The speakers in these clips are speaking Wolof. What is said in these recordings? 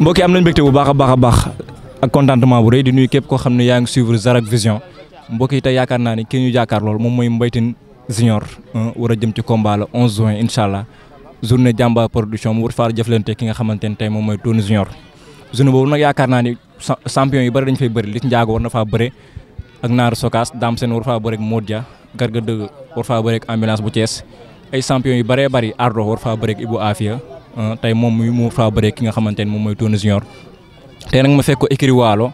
mbokk am nañ mbégte bu baax a baax a baax a contentement bu rëy di nuyu képp koo xam ne yaa ngi suivre Zarak Vision mbokk yi tey yaakaar naa ni kii ñu jaakaar lool moom mooy Mbaye Tine Junior war a jëm ci combat la 11 incha allah journée jàmba production mu faa jëflante ki xamante ne tey moom mooy Tony Junior journée boobu nag yaakaar naa ni champion yi bëri dañ fay bari li ci njaago war na faa bëre ak nar Sokaas dam sen war faa rek Modja Garga deug urfa faa rek ambulance bu ties ay champion yu bare bare Ardo war faa rek Ibou Afia euh, tay mom mu mu war faa bëreeg ki nga xamantene mom moy tourne Junior tay nak ma fekk ko écrit waalo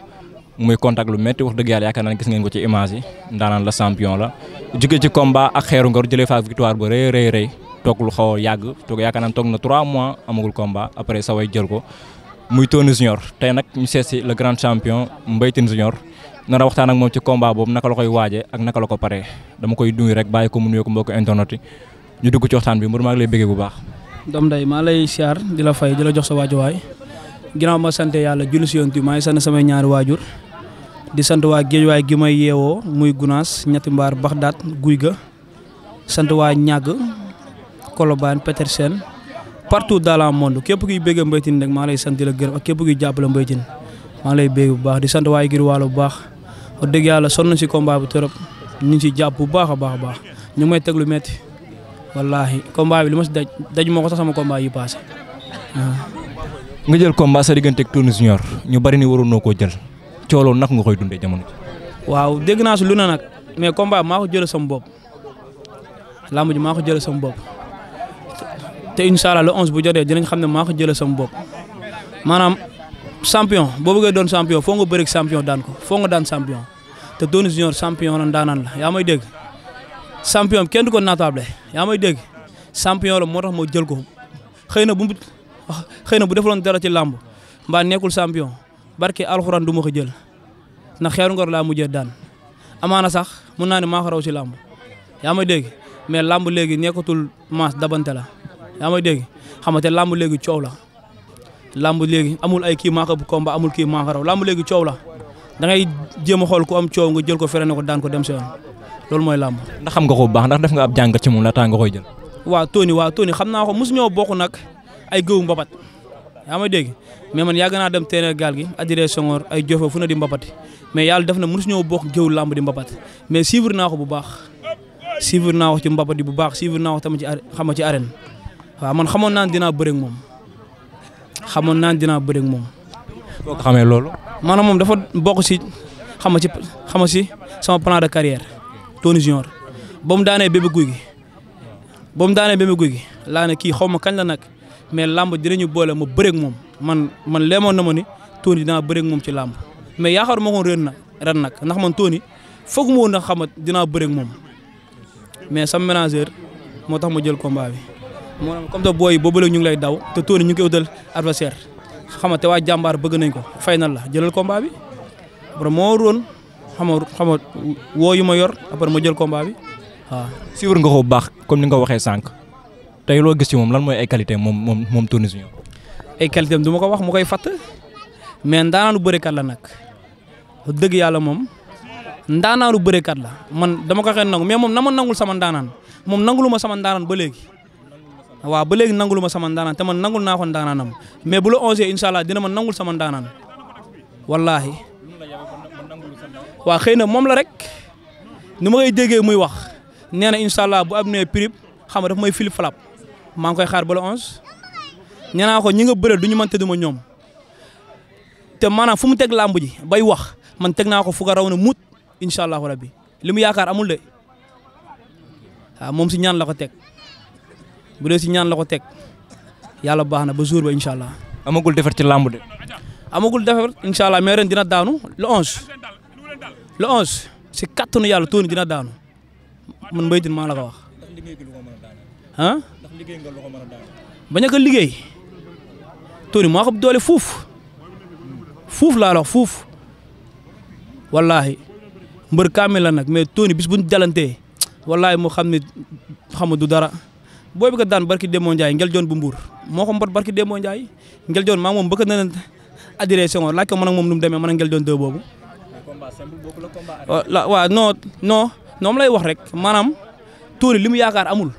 muy contact lu metti wax deug yalla yakana gis ngeen ko ci image yi ndaanaan la champion la jóge ci combat ak xeeru ngor jëlee fa victoire bu rey rey rey tok lu xaw yag tok yakana tok na 3 mois amagul combat après way jël ko muy tourne Junior tay nak ñu sét ci le grand champion Mbaye Junior nara waxtaan ak mom ci combat boobu naka la koy waje ak naka la ko paré dama koy duy rek bayiko mu nuyo ko mbok internet ñu dugg ci waxtaan bi mbir ma lay bu baax. dom day ma lay siyaar di la fay di la jox sa way ginaaw ma sant yalla jullu ci yonent bi sant samay di sant waa géejuwaay gi may yeewoo muy gunas ñetti mbar baghdad guyga ga sant waa koloban Colobane Petersen partout dans le monde kep kuy bëgg mbeytin nak ma lay sant di la gërëm ak kep kuy jàppale mbeytin ma lay bëgg bu baax di sant waa giir walu bu baax. wax dëgg yàlla sonn si combat bi trop ñu ngi si jàpp bu baax a baax a baax ñu may teg lu metti wallaahi combat bi li ma si daj daj moo ko sax sama combat yi nga jël combat sa diggante ak Tony Junior ñu bari ni waroon noo koo jël cooloo nag nga koy dundee jamono ji. waaw dégg naa si lu na nag mais combat maa ko jëlee sama bopp làmb ji maa ko jëlee sama bopp te incha allah le 11 bu jotee dinañ xam ne maa ko jëlee sama bopp manaam champion boo bëggee doon champion foo nga bëreeg champion daan ko foo nga daan champion. te Doni Junior champion la ndaanaan la yaa may dégg champion kenn du ko naataable yaa may dégg champion la moo tax moo jël ko xëy na bu mu xëy na bu defaloon dara ci làmb mbaa nekkul champion barke alxuraan du ma ko jël ndax xeeru ngor laa mujjee amaa na sax mun naa ne maa ko raw ci làmb yaa may dégg mais làmb léegi nekkatul maas dabante la yaa may dégg xam nga te làmb léegi coow la lamb léegi amul ay kii maa bu komba amul kii maa ko làmb léegi coow la. da ngay jéem a xool ku am coow nga jël ko fere ne ko daan ko dem si yoon loolu mooy làmb. ndax xam nga ko bu baax ndax def nga ab jàngat ci moom laataa nga koy jël. waa Tony waa Tony xam naa ko mosu bokk nag ay gëwu mbabat yaa may dégg mais man yàgg naa dem teene gaal gi adiree Senghor ay jofe fu na di mbapati mais yàlla def na mosu ñoo bokk géewu làmb di mbapat mais suivre naa ko bu baax suivre naa ko ci mbapat bu baax suivre naa ko tamit ci xama ci arène waaw man xamoon naa ne dinaa bëre ak naa dinaa bëre moom. boo ko xamee loolu. maanaam moom dafa mbokk si xam ci xam si sama plan de carrière Tony Junior ba mu daanee bébé guy gi ba mu daanee bébé guy gi laane ne kii xaw ma kañ la nag mais làmb dinañu boole ma bëreeg moom man man leemoon na ma ni Tony dinaa bëreeg moom ci làmb mais yaakaar ma ko ren na ren nag ndax man Tony foog ma woon na xamat dinaa bëreeg moom mais sama manager moo tax ma jël combat bi. moo comme te booy boobu la ñu ngi lay daw te Tony ñu ngi koy utal xamate wa jambar bëgg nañ ko final la jëlal combat bi après mo ron xam xam wo yu ma yor après ma jël combat bi ah. si wër nga ko bax comme ni nga waxé sank tay lo gis ci mom lan moy ay qualité mom mom mom tourné si ay qualité am ko wax mu koy fatt mais bëre kat la nak dëgg yàlla moom bëre kat la man dama ko xé nangu mais mom na ma nangul sama ndaanaan mom nanguluma sama ndaanaan ba légui waaw ba léegi nangul ma sama ndaanaan te man nangul naa ko ndaanaanam mais bu la onze incha allah dina ma nangul sama ndaanaan wallaahi. waaw xëy na moom la rek ni ma koy déggee muy wax nee na incha bu am nee prib xam nga daf may filip falap maa ngi koy xaar ba la onze. nee naa ko ñi nga bëre du ñu mën te duma ñoom te maanaam fu mu teg làmb ji bay wax man teg naa ko fu ko raw na muut incha rabbi li mu yaakaar amul de waaw moom si ñaan la ko teg. bu si ñaan la ko teg yàlla baax na ba jour ba incha allah. amagul defar ci làmb de. amagul defar incha allah mais ren dina daanu le 11 le 11 si kattanu yàlla tóoni dina daanu man Mbaye Tine la ko wax. ah. bañ a ko liggéey tóoni maa ko doole fuuf fuuf laa la wax fuuf wallaahi mbër kaamil la nag mais tóoni bis buñ dalantee wallaahi moo xam ne xamu du dara. booy bi ko daan barki Demba ngel joon bu mbuur moo ko mbot barki Demba Ndiaye ngel joon maa moom bëgg na ne adhéré Senghor laaj man moom nu demee man ak ngel joon deux boobu. la lay wax rek maanaam tuuri li mu yaakaar amul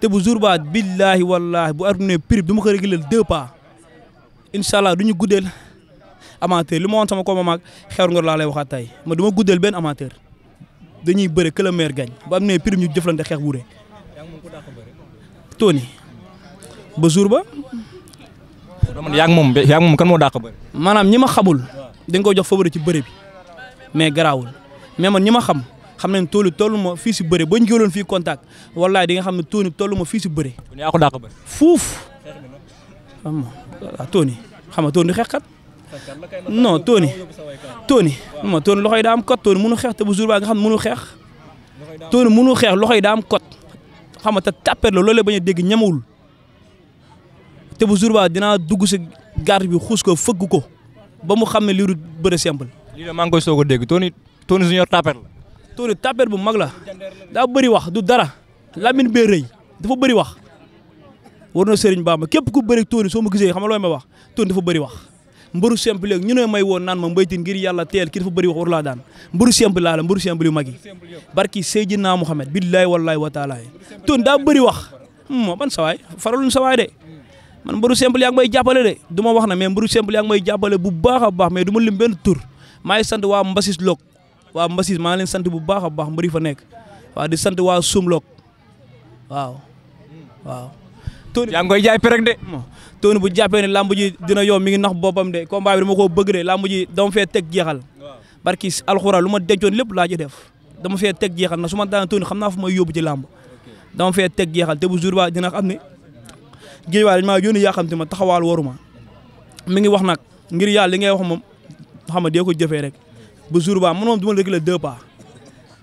te bu jour ba billaahi wallaahi bu adduna prix du ma ko réglé deux pas incha allah du ñu guddeel amateur li ma woon sama ko moom xeer nga laa lay waxaat tey ma du ma guddeel benn amateur dañuy bëre que le maire gagne bu ñu jëflante xeex wuure. Tony ba jour ba. dama yaa ngi moom yaa ngi moom kan moo dàq bëri. maanaam ñi ma xamul dañ ko jox favori ci bëre bi mais garaawul mais man ñi ma xam xam nañ toolu tollu ma fii si ba ñu jëloon fii contact wallaay di nga xam ne Tony tollu ma fii si bëre. kon yaa ko dàq bëri. fuuf xam nga Tony xam nga Tony di xeexkat non Tony Tony ma Tony loxoy daa am code Tony xeex te bu jour ba nga xam ne mënu xeex Tony mënu xeex loxoy daa am xam nga te tàppet la loole bañ a dégg ñemewul te bu jour ba dinaa dugg si garde bi xuus ko fëgg ko ba mu xam ne liiru bëre simple. lii la maa ngi koy soog a dégg Tony Tony Junior tàppet la. Tony tàppet bu mag la daa bëri wax du dara Lamine bee rëy dafa bëri wax war na Serigne Bamba képp ku bari Tony soo ma gisee xam nga looy ma wax Tony dafa bëri wax. mbëru simple léegi ñu ne may woon naan ma mbaytin ngir yàlla teel ki dafa bëri wax war laa daan mbëru simple laa la mbëru simple yu mag yi barki Seydina Muhammad billaahi wallaahi wa taala ton daa bëri wax moo hmm, ban sawaay faralu sawaay de man mbëru simple yaa ngi may jàppale de du wax na mais mbëru simple yaa ngi may jàppale bu baax a baax mais du ma lim tur maa ngi sant waa Mbasis Lok waa Mbasis maa ngi leen sant bu baax baax mbëri fa nekk waaw di sant waa Sum Tonny bu jàppee ne lamb ji dina yomb mi ngi nax boppam de combat bi dama koo bëgg de lamb ji dama fee teg jeexal barki alxuraan lu ma dencoon lépp laa ci def dama fee teg jeexal na su ma daan Tonny xam naa fu may yóbbu ci lamb dama fee teg jeexal te bu jour ba dina xam ne géej waay dañ maa yónni yaa xam ma taxawaal waruma mi ngi wax nag ngir yàlla li ngay wax moom xama nga dee ko jëfee rek bu jour ba man moom du ma rek la deux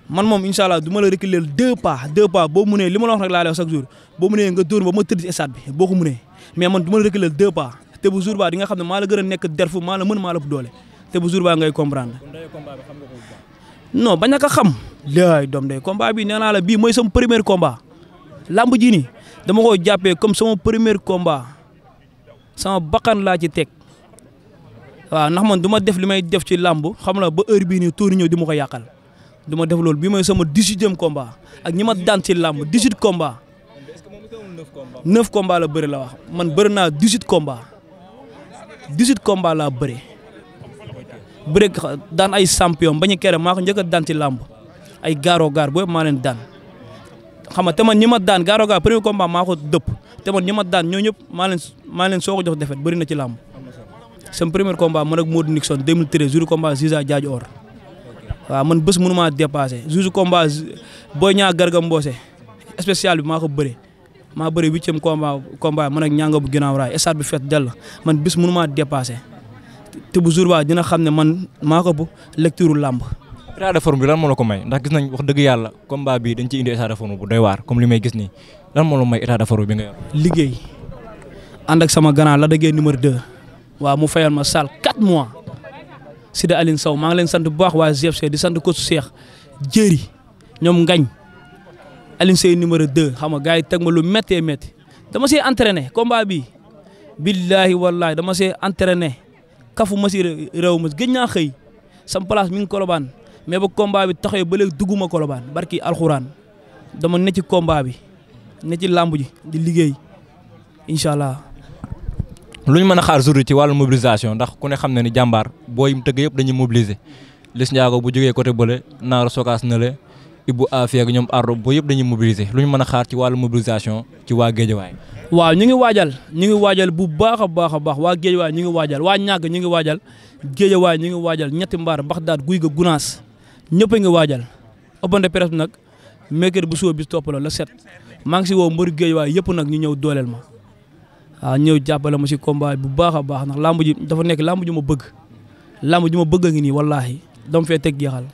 man moom incha allah du ma la reculer deux pas deux pas boo munee li ma la wax rek laa lay wax chaque jour boo munee nga dóor ba ma tëdd ci stade bi boo ko munee mais ma la reculer deux pas te bu jour ba xam ne maa la a nekk derfu maa la mën maa la ëpp doole te bu ba ngay comprendre. non bañ a xam. laay doom day combat bi nee naa la bii mooy sama premier combat làmb ji nii dama ko jàppee comme sama premier combat sama bakkan laa ci teg. waaw ndax man du ma def li may def ci làmb xam la ba heure bii nii tuuri ñëw di ma ko yàqal du def loolu bii mooy sama 18e combat ak ñi ma daan ci làmb 18 combat 9 combat la bëri la wax man bëri naa 18 combat 18 combat laa bëri bëri daan ay champion ba ñu kere maa ko njëkk daan ci làmb ay gaaro gaar boobu maa leen daan xam nga te man ñi ma daan gaaro gaar premier combat maa ko dëpp te man ñi ma daan ñoo ñëpp maa leen maa leen soo ko jox defet na ci làmb sama premier combat man ak Modou Nixon 2013 jour combat Ziza Diadji Or waaw man bés maa dépassé jour combat Boy ñaa Garga Mbossé spécial bi maa ko bëre maa bëre huitième combat combat man ak ñanga bu ginnaaw raay stade bi fet dell man bés mënumaa dépassé te bu jour ba dina xam ne man maa ko bu lecture làmb état de bi lan moo la ko may ndax gis nañ wax dëgg yàlla combat bi dañ ci indi état bu doy waar comme li may gis nii lan moo la may état de bi nga yor. liggéey ànd ak sama ganaa la déggee numéro de waaw mu fayal ma salle 4 mois. Sida Aline saw maa ngi leen sant bu baax waa GFC di sant coach Cheikh Jéeri ñoom Ngañ Aline Sey numéro 2 xam nga gars yi teg ma lu méttee métti dama see entraîné combat bi billaahi wallaahi dama see entraîné kafu ma si réew ma gëj naa xëy sam place mi ngi kolobaan mais ba combat bi taxawee ba léegi dugguma kolobaan barki alxuraan dama ne ci combat bi ne ci làmb ji di liggéey incha lu ñu mën a xaar jour ci wàllu mobilisation ndax ku ne xam na ni jàmbaar booy mu tëgg yëpp dañuy mobiliser Liss Ndiago bu jógee côté bële Naar Sokaas na le bu Afia ak ñoom Ardo boo yëpp dañuy mobiliser lu ñu mën a xaar ci wàllu mobilisation ci waa Géejawaay. waaw ñu ngi waajal ñu ngi waajal bu baax a baax a baax waa ñu ngi waajal waa ñàgg ñu ngi waajal Géejawaay ñu ngi waajal ñetti mbaar Baxdaad guy ga Gunaas ñëpp a ngi waajal open de presse nag mercredi bu suba bi topp la la set maa ngi si woo mbëru Géejawaay yëpp nag ñu ñëw dooleel ma waaw ah, ñëw jàppale ma si combat bu baax a baax ndax làmb ji dafa nekk làmb ji ma bëgg làmb ji ma bëgg a ngi nii wallaahi dama fee tëgg jeexal.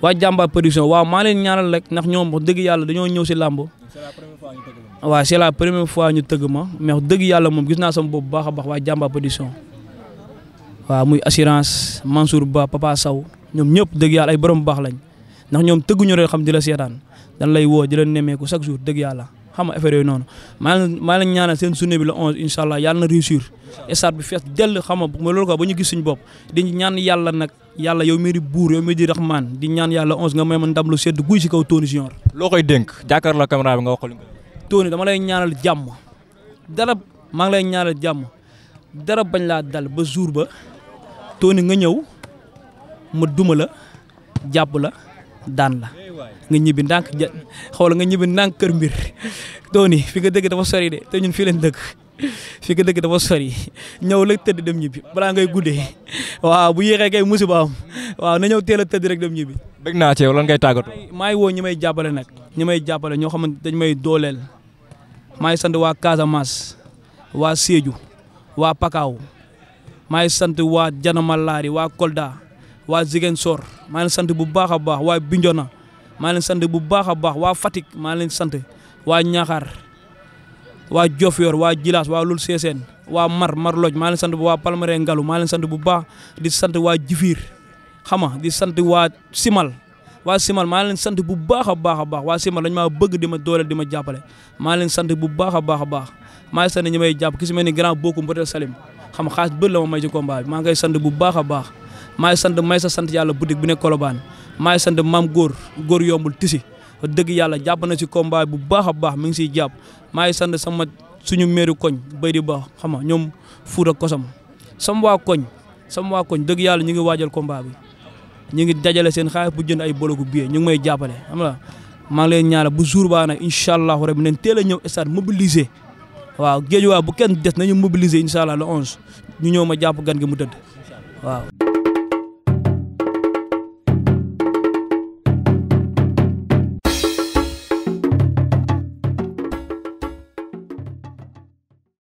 waa jàmbaar production waaw maa leen ñaanal ndax ñoom wax dëgg yàlla dañoo ñëw si làmb la première fois ñu tëgg ma mais dëgg yàlla moom gis naa sama bopp baax a baax waa jàmbaar production waaw muy assurance Mansour Ba Papa saw ñoom ñëpp dëgg yàlla ay borom baax lañ ndax ñoom tëgguñu rek xam di la seetaan dañ lay woo di la nemmeeku chaque jour dëgg yàlla xam nga affaire yooyu noonu maa ngi maa leen seen journée bi la 11 incha allah yàlla na réussir stade bi fees dell xam nga loolu quoi ba ñu gis suñu bopp di ñaan yàlla nag yàlla yow mii di buur yow mii di raxmaan di ñaan yàlla 11 nga may ma ndam lu sedd guy si kaw Tony Junior. loo koy dénk jàkkaarloo caméra bi nga wax ko. Tony dama lay ñaanal jàmm dara maa ngi lay ñaanal jàmm dara bañ laa dal ba jour ba Tony nga ñëw ma duma la jàpp la daan nga ñibbi ndànk ja xool nga ñibbi ndànk kër mbir dooni fi nga dëgg dafa sori de te ñun fii leen dëkk fi nga dëgg dafa sori ñaw la tëdd dem ñibbi balaa ngay guddee waaw bu yéexee kay musiba am waaw na ñaw teel a tëdd rek dem ñibbi. bëgg naa ci yow lan ngay tàggatoo. maa ngi woo ñi may jàppale nag ñi may jàppale ñoo xamante dañ may dooleel maa ngi sant waa Casamance waa Sédhiou waa Pakaaw maa ngi sant waa Janamalaari waa Kolda waa Ziguinchor maa ngi sant bu baax a baax waa Bignona maa leen sant bu baax a baax waa fatik maa leen wa waa wa waa Diofior waa Jilas waa Lul Seseen waa Mar Mar Loj maa leen sant bu waa palmare Ngalu maa leen bu baax di sant wa Jifiir xama di sant wa Simal wa Simal maa leen sant bu baax a baax a Simal dañ maa bëgg di ma doole di ma jàppale maa leen sant bu baax a baax a baax maa sant ñi may jàpp grand bokku mbotel Salim xam khas xaalis bëri la ma may ci combat bi maa ngi koy sant bu baax a baax maa ngi may sa sant yàlla boutique bu maa ngi sant maam góor góor yombul tisi dëgg yàlla jàpp na si combat bu baax a baax mi ngi siy jàpp maa ngi sant sama suñu meeru koñ béy di baax xam nga ñoom fuura kosam sama waa koñ sama waa koñ dëgg yàlla ñu ngi waajal combat bi ñu ngi dajale seen xaalis bu jënd ay bolo bologu billet ñu ngi may jàppale xam nga maa ngi leen ñaanal bu jour baa nag incha rek rabi nañ teel a ñëw stade mobilisé waaw géej waa bu kenn des nañu mobiliser incha allah le ñu ñëw ma jàpp gan gi mu tëdd